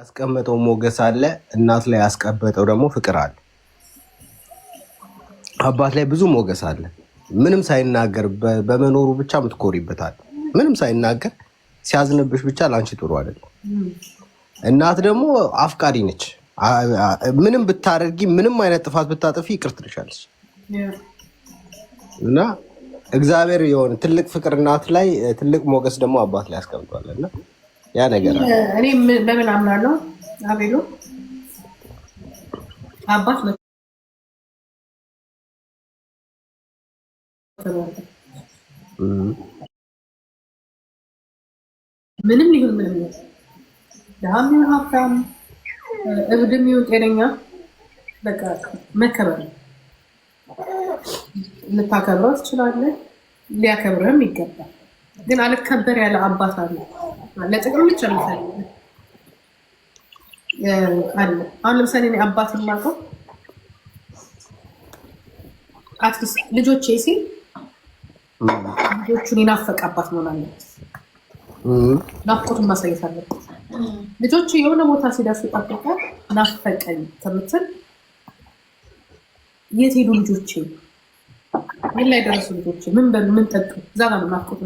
ያስቀመጠው ሞገስ አለ፣ እናት ላይ ያስቀመጠው ደግሞ ፍቅር አለ። አባት ላይ ብዙ ሞገስ አለ። ምንም ሳይናገር በመኖሩ ብቻ ምትኮሪበታል። ምንም ሳይናገር ሲያዝንብሽ ብቻ ለአንቺ ጥሩ አይደለም። እናት ደግሞ አፍቃሪ ነች። ምንም ብታደርጊ፣ ምንም አይነት ጥፋት ብታጠፊ ይቅር ትልሻለች እና እግዚአብሔር የሆነ ትልቅ ፍቅር እናት ላይ፣ ትልቅ ሞገስ ደግሞ አባት ላይ ያስቀምጧል እና ያ ነገር እኔ በምን አምናለሁ? አቤሎ አባት ምንም ይሁን ምንም ነው ደሃም ይሁን ሀብታም፣ እብድም ይሁን ጤነኛ፣ በቃ መከበር ልታከብረው ትችላለህ፣ ሊያከብርህም ይገባል። ግን አልከበር ያለ አባት አለ ለጥቅም ብቻ የሚፈልግ አለ። አሁን ለምሳሌ እኔ አባት ማቀው አትሊስ ልጆቼ ሲል ልጆቹን የናፈቀ አባት መሆን አለበት። ናፍቆቱን ማሳየት አለበት። ልጆቹ የሆነ ቦታ ሲደርሱ ጠብቀ ናፈቀኝ ከምትል የት ሄዱ ልጆቼ? ምን ላይ ደረሱ ልጆቼ? ምን በሉ ምን ጠጡ? እዛ ጋር ነው ናፍቆት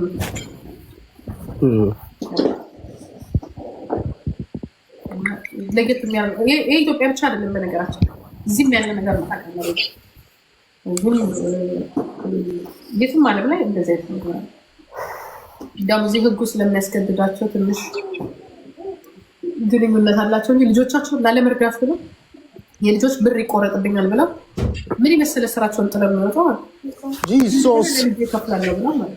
ለየት የሚያደርገው የኢትዮጵያ ብቻ አይደለም። በነገራችን እዚህም ያለ ነገር መካከል የትም ዓለም ላይ እንደዚህ አይነት ነገር እንዲያውም እዚህ ህጉ ስለሚያስገድዳቸው ትንሽ ግንኙነት አላቸው እንጂ ልጆቻቸውን ላለመርዳት ብለው የልጆች ብር ይቆረጥብኛል ብለው ምን ይመስለ ስራቸውን ጥለው የሚወጣው ይከፍላለሁ ብለው ማለት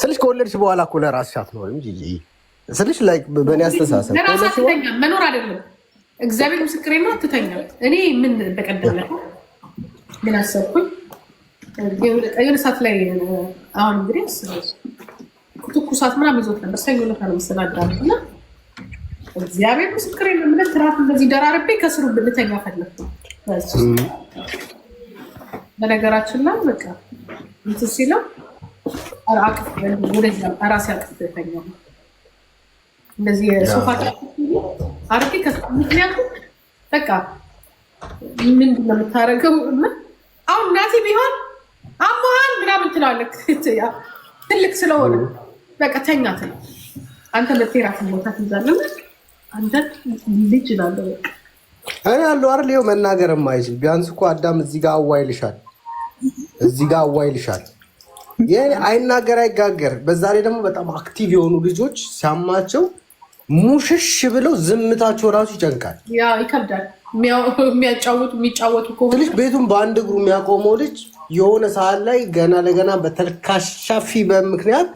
ስልሽ ከወለድሽ በኋላ እኮ ለራስሽ አትኖርም። ስልሽ ላይ በእኔ አስተሳሰብ ትተኛ መኖር አይደለም። እግዚአብሔር ምስክሬ ነው። አትተኛ እኔ ምን በቀደም ምን አሰብኩኝ? የሆነ ሰዓት ላይ አሁን እንግዲህ ትኩሳት ምናምን ይዞት ነበር። ሰኞ ዕለት ነው መሰለህ እና እግዚአብሔር ምስክሬ ነው የምልህ ትራፍ እንደዚህ ደራርቤ ከስሩ ብልተኛ ፈለግኩ። በነገራችን ላይ በቃ እንትን ሲለው ራሴ አቅፍ ተኛ እንደዚህ ሶፋ አርጌ ምክንያቱም በቃ ምንድን ነው የምታደርገው? አሁን እናቴ ቢሆን አመሀል ምናምን ትላለህ። ትልቅ ስለሆነ በቃ ተኛ ትለ አንተ ለቴራት ቦታ ትይዛለህ። አንተ ልጅ ላለ እኔ ያለው አይደል ይኸው መናገር የማይችል ቢያንስ እኮ አዳም እዚህ ጋር አዋይልሻል፣ እዚህ ጋር አዋይልሻል። ይህ አይናገር አይጋገር። በዛ ላይ ደግሞ በጣም አክቲቭ የሆኑ ልጆች ሲያማቸው ሙሽሽ ብለው ዝምታቸው ራሱ ይጨንቃል፣ ይከብዳል። የሚያጫወቱ የሚጫወቱ ከሆነ ቤቱን በአንድ እግሩ የሚያቆመው ልጅ የሆነ ሰዓት ላይ ገና ለገና በተልካሻፊ በምክንያት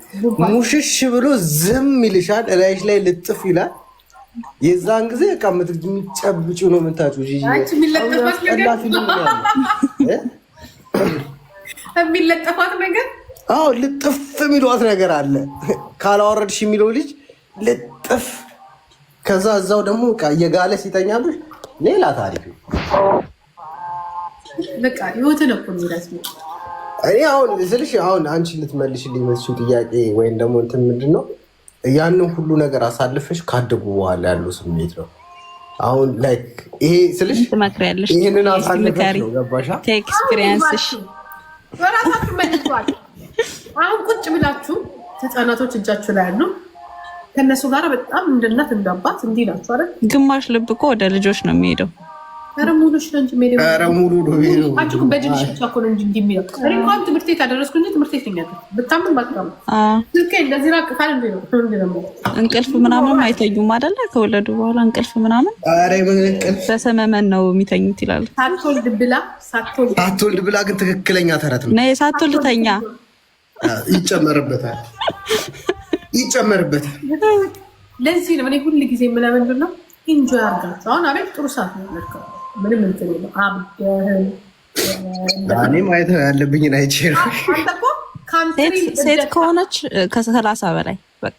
ሙሽሽ ብሎ ዝም ይልሻል፣ እላይሽ ላይ ልጥፍ ይላል። የዛን ጊዜ ዕቃ የሚጨብጭ ነው የምታጭው። የሚለጠፋት ነገር አዎ፣ ልጥፍ የሚሏት ነገር አለ ካላወረድሽ የሚለው ልጅ ልጥፍ ከዛ እዛው ደግሞ የጋለ ሲተኛብሽ ሌላ ታሪክ ነው። በቃ ህይወትን እኮ እኔ አሁን ስልሽ አሁን አንቺ ልትመልሽልኝ መሰለሽ ጥያቄ ወይም ደግሞ እንትን ምንድን ነው ያንን ሁሉ ነገር አሳልፈሽ ካደጉ በኋላ ያለው ስሜት ነው። አሁን ላይክ ይሄ ስልሽ ትመክሪያለሽ፣ ይህንን አሳልፈሽ ነው ገባሽ? ኤክስፒሪየንስሽ በራሳችሁ መልሷል። አሁን ቁጭ ብላችሁ ህፃናቶች እጃችሁ ላይ ያሉ ከእነሱ ጋር በጣም እንደናት እንዳባት እንዲህ ናቸው አይደል? ግማሽ ልብ እኮ ወደ ልጆች ነው የሚሄደው። ኧረ ሙሉ እንጂ ብቻ እኮ ነው እንጂ እንዲህ የሚለው እኔ እንኳን ትምህርት ቤት አደረስኩ እንጂ ትምህርት ቤት ነኝ ብታምን እንደዚህ ራቅ እንቅልፍ ምናምን አይተኙም አይደለ? ከወለዱ በኋላ እንቅልፍ ምናምን በሰመመን ነው የሚተኙት ይላሉ። ሳትወልድ ብላ ሳትወልድ ብላ ግን ትክክለኛ ተረት ነው። ሳትወልድ ተኛ ይጨመርበታል ይጨመርበታል። ለዚህ ነው እኔ ሁል ጊዜ የምለው ነው ኢንጆይ አሁን አቤት ጥሩ ሰዓት ምንም እንትን የለም። እኔ ማየት ያለብኝን አይቼ ነው። ሴት ከሆነች ከሰላሳ በላይ በቃ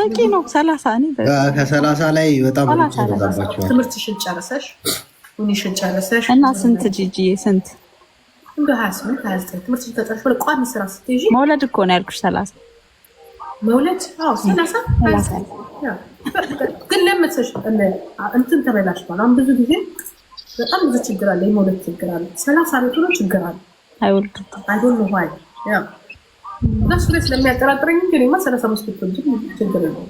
በቂ ነው። ሰላሳ ከሰላሳ ላይ በጣም ትምህርትሽን ጨርሰሽ ሁኒሽን ጨርሰሽ እና ስንት ጂጂ ስንት እንደ ሀያ ስምንት ሀያ ዘጠኝ ትምህርት ተጨርሽ ወደ ቋሚ ስራ ስትይዥ መውለድ እኮ ነው ያልኩሽ። ሰላሳ መውለድ ሰላሳ ግን ለምትሰሽ እንትን ተበላሽቷል። አሁን ብዙ ጊዜ በጣም ብዙ ችግር አለ፣ የመውለድ ችግር አለ። ሰላሳ አመት ሆኖ ችግር አለ አይወልድም። አይሆን ውል እሱ ላይ ስለሚያጠራጥረኝ እንግዲህ ሰላሳ አምስት ችግር ነው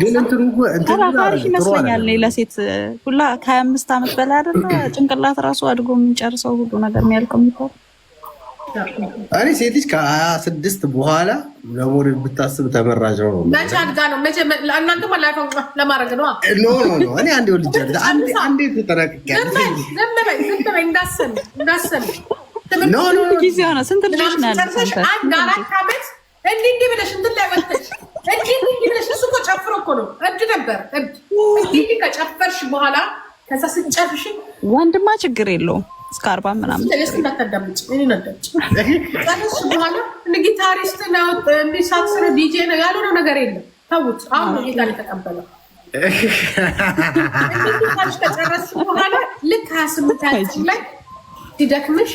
ግን እንትኑ ተራፋሪ ይመስለኛል ለሴት ሁላ ከሀያ አምስት ዓመት በላይ አይደለ ጭንቅላት ራሱ አድጎ የሚጨርሰው ሁሉ ነገር የሚያልቀው የሚባል እኔ ሴት ልጅ ከሀያ ስድስት በኋላ ለሞድ ብታስብ ተመራጭ ነው። መቼ ነው? አንዴ ጊዜ ሆነ። ስንት ልጆች ነው ብለሽ እንትን ላይ እሱ እኮ ጨፍሮ እኮ ነው። እብድ ነበር እብድ። ከጨፈርሽ በኋላ ከዛ ስንጨፍሽ ወንድማ ችግር የለውም እስከ አርባ ምናምን ጊታሪስት ነው ዲጄ ነው ነገር የለም። ተውት። አሁን ጌታ በኋላ ልክ ሀያ ስምንት ላይ ሲደክምሽ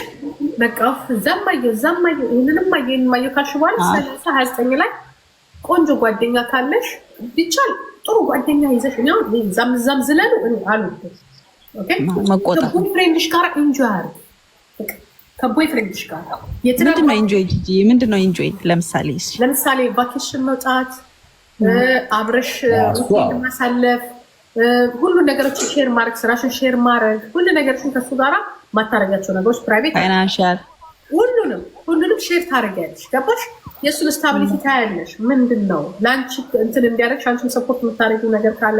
ይህንንም ሀያ ዘጠኝ ላይ ቆንጆ ጓደኛ ካለሽ ቢቻል ጥሩ ጓደኛ ይዘሽ ዛምዛም ዝለሉ አሉበት። ከቦይፍሬንድሽ ጋር እንጆ አድርግ። ከቦይፍሬንድሽ ጋር ምንድነው ምንድነው ኢንጆይ? ለምሳሌ ለምሳሌ ቫኬሽን መውጣት፣ አብረሽ ማሳለፍ፣ ሁሉ ነገሮችን ሼር ማድረግ፣ ስራሽን ሼር ማድረግ፣ ሁሉ ነገሮችን ከሱ ጋራ ማታረጋቸው ነገሮች ፕራይቬት፣ ፋይናንሻል፣ ሁሉንም ሁሉንም ሼር ታደርጊያለሽ። ገባሽ? የእሱን ስታብሊቲ ታያለሽ። ምንድን ነው ለአንቺ እንትን እንዲያደርግሽ አንቺን ሰፖርት የምታደርጊው ነገር ካለ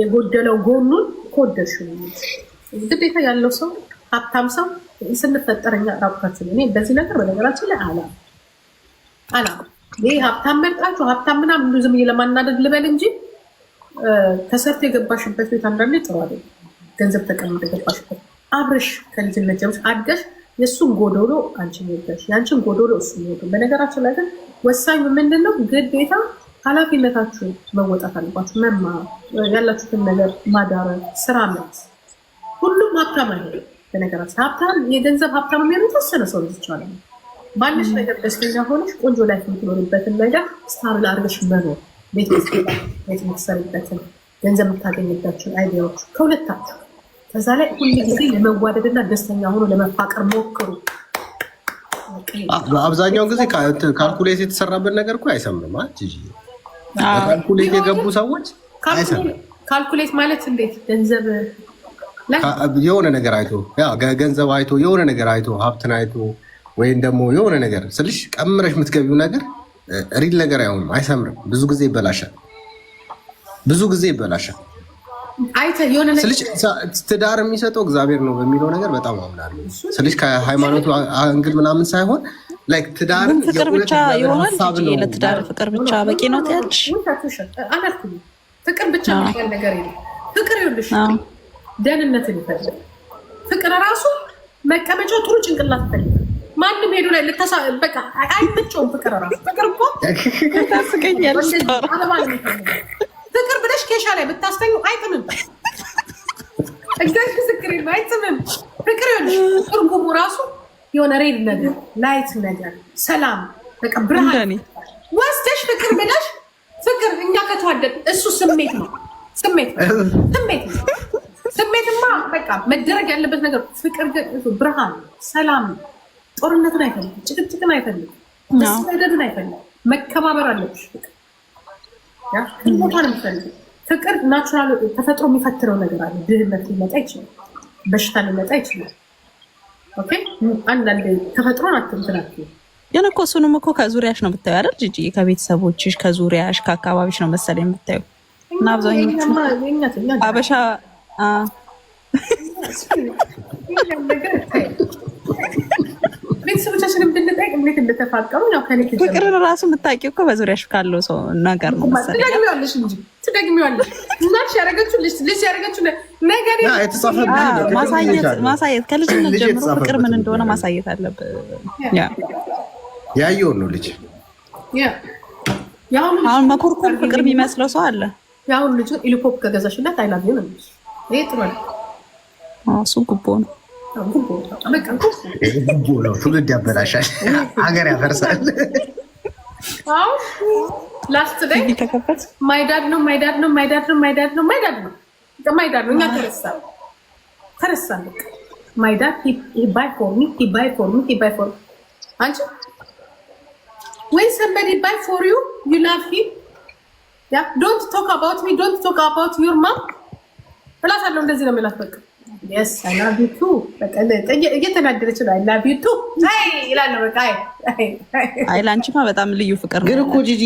የጎደለው ጎኑን ከወደድሽ ግዴታ ያለው ሰው ሀብታም ሰው ስንፈጠረኛ ራቁታችን እኔ በዚህ ነገር በነገራችን ላይ አላ አላ ይህ ሀብታም መርጣችሁ ሀብታም ምናምን ብዙ ዝም ለማናደድ ልበል እንጂ ተሰርቶ የገባሽበት ቤት አንዳንዴ ጥሩ አይደለም። ገንዘብ ተቀምጦ የገባሽበት አብረሽ ከልጅነት ጀምሽ አድገሽ የእሱን ጎዶሎ አንቺ ሞልተሽ የአንቺን ጎዶሎ እሱ ሞሉ። በነገራችን ላይ ግን ወሳኙ ምንድነው? ግዴታ ኃላፊነታችሁ መወጣት አለባችሁ። መማር፣ ያላችሁትን ነገር ማዳረግ፣ ስራ መት ሁሉም ሀብታም አይሆንም። በነገራችን ሀብታም የገንዘብ ሀብታም የሚያመሳሰለ ሰው ልጅ ይቻላል። ባለሽ ነገር ደስተኛ ሆነሽ ቆንጆ ላይ የምትኖርበትን ነገር ስታብል አድርገሽ መኖር ቤት ቤት የምትሰሪበትን ገንዘብ የምታገኝባቸው አይዲያዎች ከሁለታቸው በዛ ላይ ሁል ጊዜ ለመዋደድና ደስተኛ ሆኖ ለመፋቀር ሞክሩ። አብዛኛውን ጊዜ ካልኩሌት የተሰራበት ነገር እኮ አይሰምም። ካልኩሌት የገቡ ሰዎች አይሰምም። ካልኩሌት ማለት እንዴት ገንዘብ የሆነ ነገር አይቶ ገንዘብ አይቶ የሆነ ነገር አይቶ ሀብትን አይቶ ወይም ደግሞ የሆነ ነገር ስልሽ ቀምረሽ የምትገቢው ነገር ሪል ነገር አይሆንም፣ አይሰምርም። ብዙ ጊዜ ይበላሻል፣ ብዙ ጊዜ ይበላሻል። ትዳር የሚሰጠው እግዚአብሔር ነው በሚለው ነገር በጣም አምናለሁ። ስልሽ ከሃይማኖቱ አንግል ምናምን ሳይሆን ላይክ ትዳርን ፍቅር ብቻ ይሆናል። ለትዳር ፍቅር ብቻ በቂ ነው ትያለሽ? ፍቅር ብቻ ነገር የለም። ፍቅር ይኸውልሽ ደህንነትን ይፈልጋል። ፍቅር ራሱ መቀመጫው ጥሩ ጭንቅላት ይፈልጋል። ማንም ሄዱ ላይ በቃ አይመቸውም። ፍቅር ራሱ ፍቅር እኮ ታስቀኛለሽ። ፍቅር ብለሽ ኬሻ ላይ ብታስተኙ አይጥምም። እግዚአብሔር ምስክሬ ነው፣ አይጥምም። ፍቅር ይኸውልሽ ትርጉሙ ራሱ የሆነ ሬድ ነገር፣ ላይት ነገር፣ ሰላም በቃ ብርሃን ወስደሽ ፍቅር ብለሽ ፍቅር እኛ ከተዋደድ እሱ ስሜት ነው ስሜት ስሜት ነው ስሜትማ በቃ መደረግ ያለበት ነገር ፍቅር ብርሃን ሰላም ጦርነትን አይፈልግም ጭቅጭቅን አይፈልግም መሰደድን አይፈልግም መከባበር አለብሽ ቦታ ነው የሚፈልግ ፍቅር ናቹራል ተፈጥሮ የሚፈትረው ነገር አለ። ድህነት ሊመጣ ይችላል፣ በሽታ ሊመጣ ይችላል። አንዳንድ ተፈጥሮ ናትምትናት ግን እኮ እሱንም እኮ ከዙሪያሽ ነው የምታዩ አይደል ጂጂ? ከቤተሰቦችሽ ከዙሪያሽ ከአካባቢሽ ነው መሰለኝ የምታዩ እና አብዛኞቹ አበሻ ቤተሰቦቻችን ብንጠይቅ እንዴት እንደተፋቀሩ ፍቅርን ራሱ የምታውቂው እኮ በዙሪያሽ ካለው ሰው ነገር ነው መሰለኝ። ትደግሚዋለሽ እንጂ ትደግሚዋለሽ። እናትሽ ያደረገችው ልጅ ልጅ ያደረገችው ነገር ማሳየት ከልጅነት ጀምሮ ፍቅር ምን እንደሆነ ማሳየት አለብህ። ያየውን ነው ልጅ አሁን መኮርኮር ፍቅር የሚመስለው ሰው አለ። ያሁን ልጁ ኢሊፖፕ ከገዛሽላት አይላቪ ነው። ጥሩ ነው። እሱ ጉቦ ነው። ጉቦ ነው። ትውልድ ያበላሻል፣ ሀገር ያፈርሳል። ላስት ላይ ማይዳድ ነው ማይዳድ ነው ማይዳድ ነው ማይዳድ ነው ማይዳድ ነው ማይዳድ ነው። እኛ ተረሳ ተረሳ ማይዳድ ባይ ፎርሚ ባይ ፎርሚ ባይ ፎር አንቺ ወይ ሰንበዲ ባይ ፎር ዩ ዩ ላቭ ሂም ያ ዶንት ቶክ አባውት ሚ ዶንት ቶክ አባውት ዩር ማም እላታለሁ። እንደዚህ ነው የምላት በቃ ላቢቱ እየተናገረች ላቢቱ ይላል። በጣም ልዩ ፍቅር ግን እኮ ጂጂ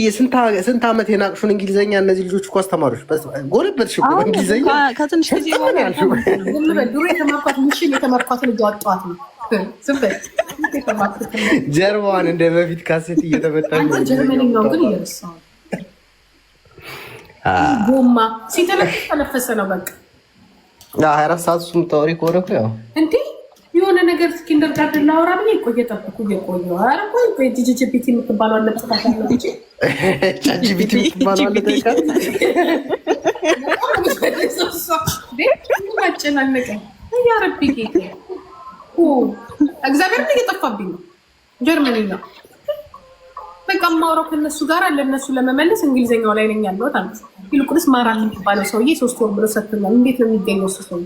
ስንት ዓመት የናቅሹን እንግሊዝኛ እነዚህ ልጆች እኮ አስተማሪዎች ጎለበትሽ እንግሊዝኛ ከትንሽ ጊዜ ድሮ የተማርኳት ምሽን ነው እንደ በፊት ካሴት እየተመጣ ጀርመንኛው ግን እየረሳሁ ጎማ ሲተነፈሰ ነው በቃ ሀያ አራት ሰዓት እሱ የምታወሪ ከሆነ እኮ ያው እንደ የሆነ ነገር እስኪ እንደርጋድን ላወራ ብዬ እኮ እየጠበኩ እየቆየሁ እግዚአብሔር እየጠፋብኝ ነው። ጀርመኒ ነው በቃ የማወራው ከነሱ ጋር ለነሱ ለመመለስ እንግሊዝኛው ላይ ነኝ ያለሁት ይልቁንስ ማራን የሚባለው ሰውዬ ሶስት ወር ብሎ ሰጥቶኛል። እንዴት ነው የሚገኘው? እሱ ሰው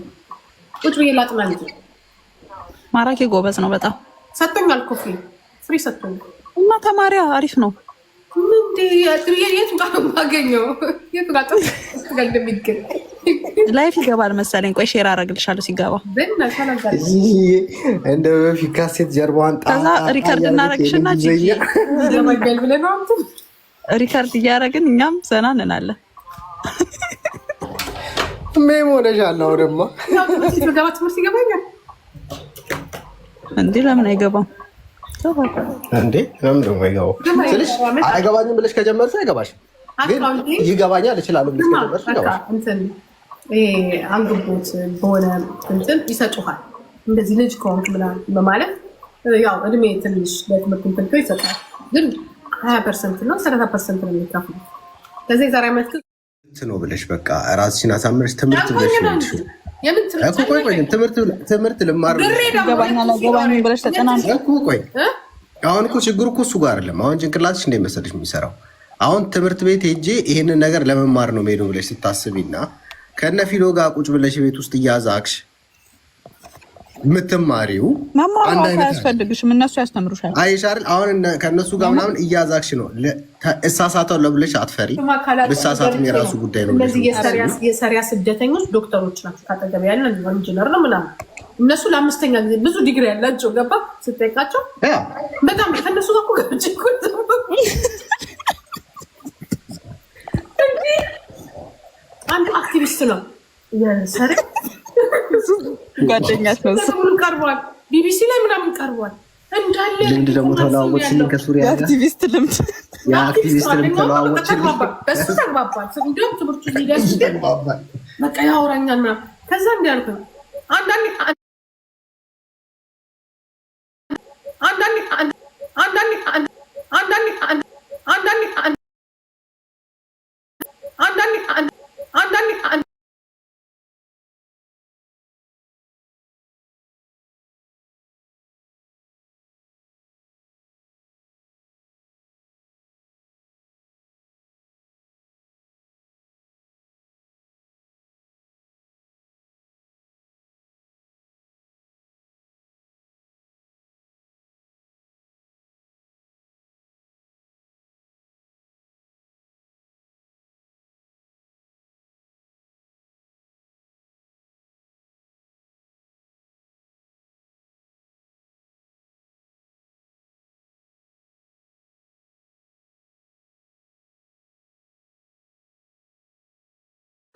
ቁጭ ብዬ ላጥና ልጅ ማራኪ ጎበዝ ነው በጣም ሰጥቶኛል። ኮፊ ፍሪ ሰጥቶኛል። እና ተማሪያ አሪፍ ነው። ላይፍ ይገባል መሰለኝ። ቆይ ሼር አደርግልሻለሁ ሲገባ እንደ በፊት ካሴት ጀርባዋን ከዛ ሪከርድ እናደርግሽና ሪከርድ እያደረግን እኛም ዘና እንላለን። ሜም ሆነሻለሁ። ደግሞ ትምህርት ይገባኛል እንዴ? ለምን አይገባም እንዴ? ለምን ደግሞ አይገባም ስልሽ አይገባኝም ብለሽ ከጀመርሽ አይገባሽም። ግን ይገባኛል እችላለሁ ብለሽ ከጀመርሽ ይገባሽ። አንግቦት በሆነ እንትን ይሰጡሃል። እንደዚህ ልጅ ከሆንክ ምናምን በማለት ያው እድሜ ትንሽ ለትምህርት ንትንቶ ይሰጣል። ግን ሀያ ፐርሰንት ነው ሰላሳ ፐርሰንት ነው የሚካፍሉት ከዚህ የዛሬ ዓመት ትምህርት ነው ብለሽ በቃ ራስሽን አሳምረሽ ትምህርት ብለሽ ነው ትምህርት ልማር ቆይ አሁን እኮ ችግሩ እኮ እሱ ጋር አይደለም። አሁን ጭንቅላትሽ መሰለሽ የሚሰራው አሁን ትምህርት ቤት ሄጄ ይሄንን ነገር ለመማር ነው ሄዶ ብለሽ ስታስቢና ከነ ፊሎ ጋር ቁጭ ብለሽ ቤት ውስጥ እያዛቅሽ የምትማሪው መማር አያስፈልግሽም። እነሱ ያስተምሩሻል። አይሻርል አሁን ከእነሱ ጋር ምናምን እያዛክሽ ነው። እሳሳተው ለብለሽ አትፈሪ። ብሳሳትም የራሱ ጉዳይ ነው። እነዚህ የሰሪያ ስደተኞች ዶክተሮች ናቸው። ካጠገብ ያለ ኢንጂነር ነው ምናምን እነሱ ለአምስተኛ ጊዜ ብዙ ዲግሪ ያላቸው ገባ ስጠይቃቸው በጣም ከእነሱ ጋር እኮ አንዱ አክቲቪስት ነው የሰሪያ ጓደኛት ቀርቧል። ቢቢሲ ላይ ምናምን ቀርቧል። ልምድ ደግሞ ተለዋወችልን። ከሱሪያ የአክቲቪስት ልምድ የአክቲቪስት ልምድ ተለዋወችልን። ትምህርቱ ሊደርስ በቃ ያወራኛል ምናምን ከዛ እንዲያልኩ አንዳንድ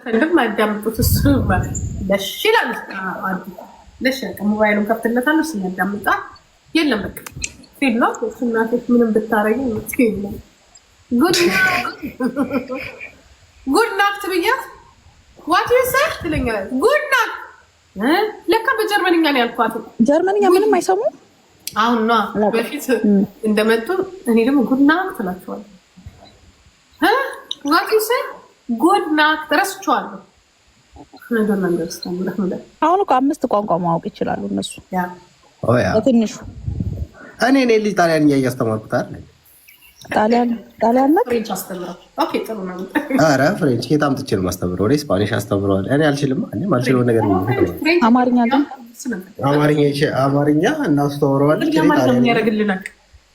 ፈልግም አዳምጡት። እሱ ለሽ ይላል ለሽ ያቀ ሞባይሉን ከፍትለታል። እሱ ያዳምጣል። የለም በቃ ፊል ነው እሱ። እናቶች ምንም ብታረጊ ፊል ነው። ጉድ ናክት ብያት ዋት ዩ ሰር ትለኛለች። ጉድ ናክት ለካ በጀርመንኛ ነው ያልኳት። ጀርመንኛ ምንም አይሰሙ አሁን ኗ በፊት እንደመጡ እኔ ደግሞ ጉድ ናክት እላቸዋለሁ። ዋት ዩ ሰር ጎድ ናት። ረስቸዋለሁ። አሁን እኮ አምስት ቋንቋ ማወቅ ይችላሉ እነሱ በትንሹ። እኔ እኔ ልጅ ጣሊያንኛ እያስተማርኩት አለ ጣሊያን ኧረ ፍሬንች ከየት አምጥቼ ነው የማስተምረው? ወደ ስፓኒሽ አስተምረዋል። እኔ አልችልም። ማልችለው ነገር አማርኛ አማርኛ አማርኛ እናስተምረዋለን።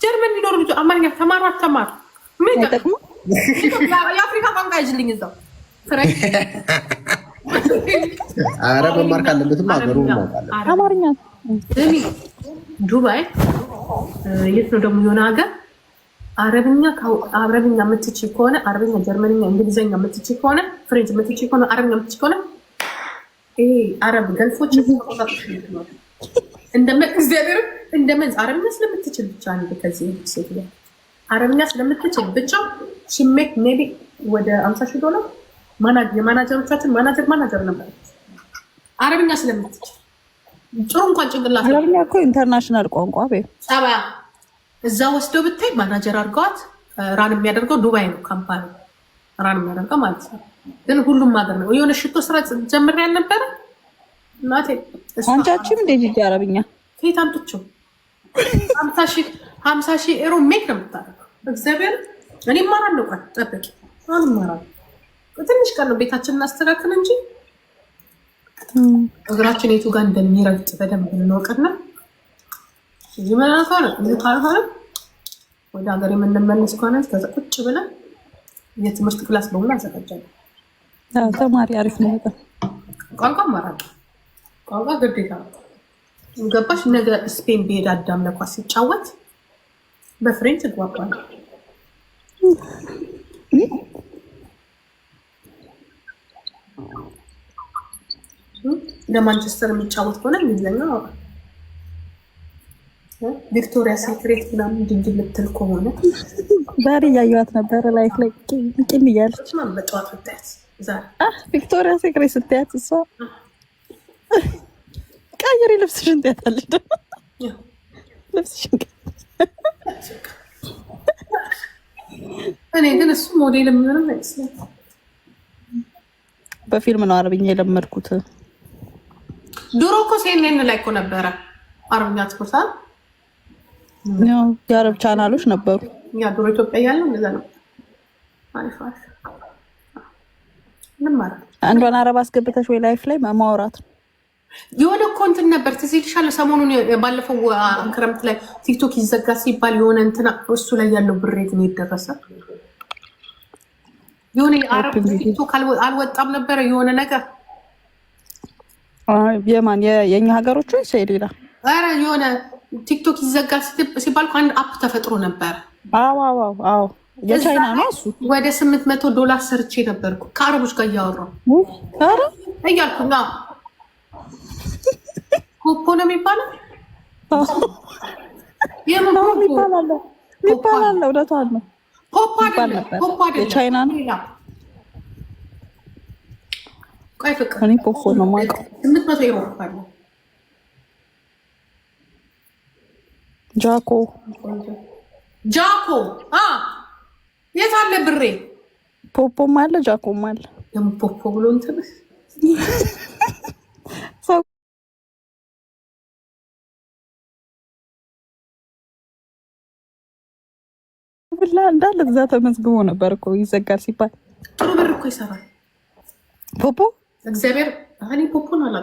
ጀርመን ሊኖር አማርኛ ተማሩ አተማሩ ምን ይጠቅሙ የአፍሪካ ባንክ አይችልኝ እዛው አረ መማር ካለበትም ሀገሩ አማርኛ እኔ ዱባይ የት ነው ደግሞ የሆነ ሀገር አረብኛ አረብኛ የምትች ከሆነ አረብኛ፣ ጀርመንኛ፣ እንግሊዝኛ የምትች ከሆነ ፍሬንች የምትች ከሆነ አረብኛ የምትች ከሆነ ይሄ አረብ ገልፎች እንደምን እግዚአብሔር እንደምን አረብኛ ስለምትችል ብቻ ከዚህ ሴት አረብኛ ስለምትችል ብቻ ሺሜክ ሜቢ ወደ አምሳ ሺ ዶላር የማናጀሮቻችን ማናጀር ማናጀር ነበረች። አረብኛ ስለምትችል ጥሩ እንኳን ጭንቅላት አረብኛ እኮ ኢንተርናሽናል ቋንቋ ሰባ እዛ ወስዶ ብታይ ማናጀር አድርገዋት ራን የሚያደርገው ዱባይ ነው ካምፓኒ ራን የሚያደርገው ማለት ነው። ግን ሁሉም ሀገር ነው። የሆነ ሽቶ ስራ ጀምር ያልነበረ አንቻችም እንደ ጅጅ አረብኛ ከየት አምጥቼው ሀምሳ ሺህ ኤሮ ሜክ ነው የምታደርገው እግዚአብሔር እኔ እማራለሁ። ቃል ጠበቂ አሁን እማራለሁ። ትንሽ ቀን ነው ቤታችን እናስተካክል እንጂ እግራችን የቱ ጋር እንደሚረግጥ በደንብ እንወቅና ይመናከር ካልሆነ ወደ ሀገር የምንመለስ ከሆነ ቁጭ ብለን የትምህርት ክላስ በሙሉ አዘጋጃለሁ። ተማሪ አሪፍ ነው። ቋንቋ እማራለሁ። ቋንቋ ግዴታ ገባሽ። ነገ ስፔን ብሄድ አዳም ለኳስ ሲጫወት በፍሬንች እግባባለሁ። ለማንቸስተር የሚጫወት ከሆነ እንግሊዝኛው አውራ። ቪክቶሪያ ሴክሬት ምናምን ድንግ የምትል ከሆነ ዛሬ እያየዋት ነበረ ላይፍ ላይ ቅን እያለች በጠዋት ብታያት ቪክቶሪያ ሴክሬት ስታያት እሷ ቀይሪ ልብስሽን ትያታለች። ልብስሽን እኔ ግን እሱ ሞዴል የምንም አይመስለኝ። በፊልም ነው አረብኛ የለመድኩት። ድሮ እኮ ሴኔን ላይ እኮ ነበረ አረብኛ ትኩርታ የአረብ ቻናሎች ነበሩ። እኛ ድሮ ኢትዮጵያ ያለው እንደዛ ነው። አንዷን አረብ አስገብተሽ ወይ ላይፍ ላይ ማውራት ነው የሆነ እኮ እንትን ነበር ትዝ ይልሻል። ሰሞኑን ባለፈው ክረምት ላይ ቲክቶክ ይዘጋ ሲባል የሆነ እንትና እሱ ላይ ያለው ብሬት ነው የደረሰ የሆነ የአረብ ቲክቶክ አልወጣም ነበረ የሆነ ነገር የማን የኛ ሀገሮች ወይ ሴሌላ ኧረ የሆነ ቲክቶክ ይዘጋ ሲባል አንድ አፕ ተፈጥሮ ነበር። አዎ አዎ አዎ የቻይና ነው እሱ። ወደ ስምንት መቶ ዶላር ሰርቼ ነበርኩ ከአረቦች ጋር እያወራሁ እያልኩ ኮኮ ነው የሚባለው። ይባላል እውነቷን ነው። ኮፓ የቻይና ነው። ቆይ ፍቅር እኔ ኮኮ ነው የማውቀው። ስምንት መቶ ይሮፋለ ጃኮ ጃኮ የት አለ ብሬ? ፖፖም አለ ጃኮም አለ። ፖፖ ብሎ እንትን ብላ እንዳለ እዛ ተመዝግቦ ነበር እኮ ይዘጋል ሲባል ጥሩ ብር እኮ ይሰራል ፖፖ እግዚአብሔር ፖፖን አላ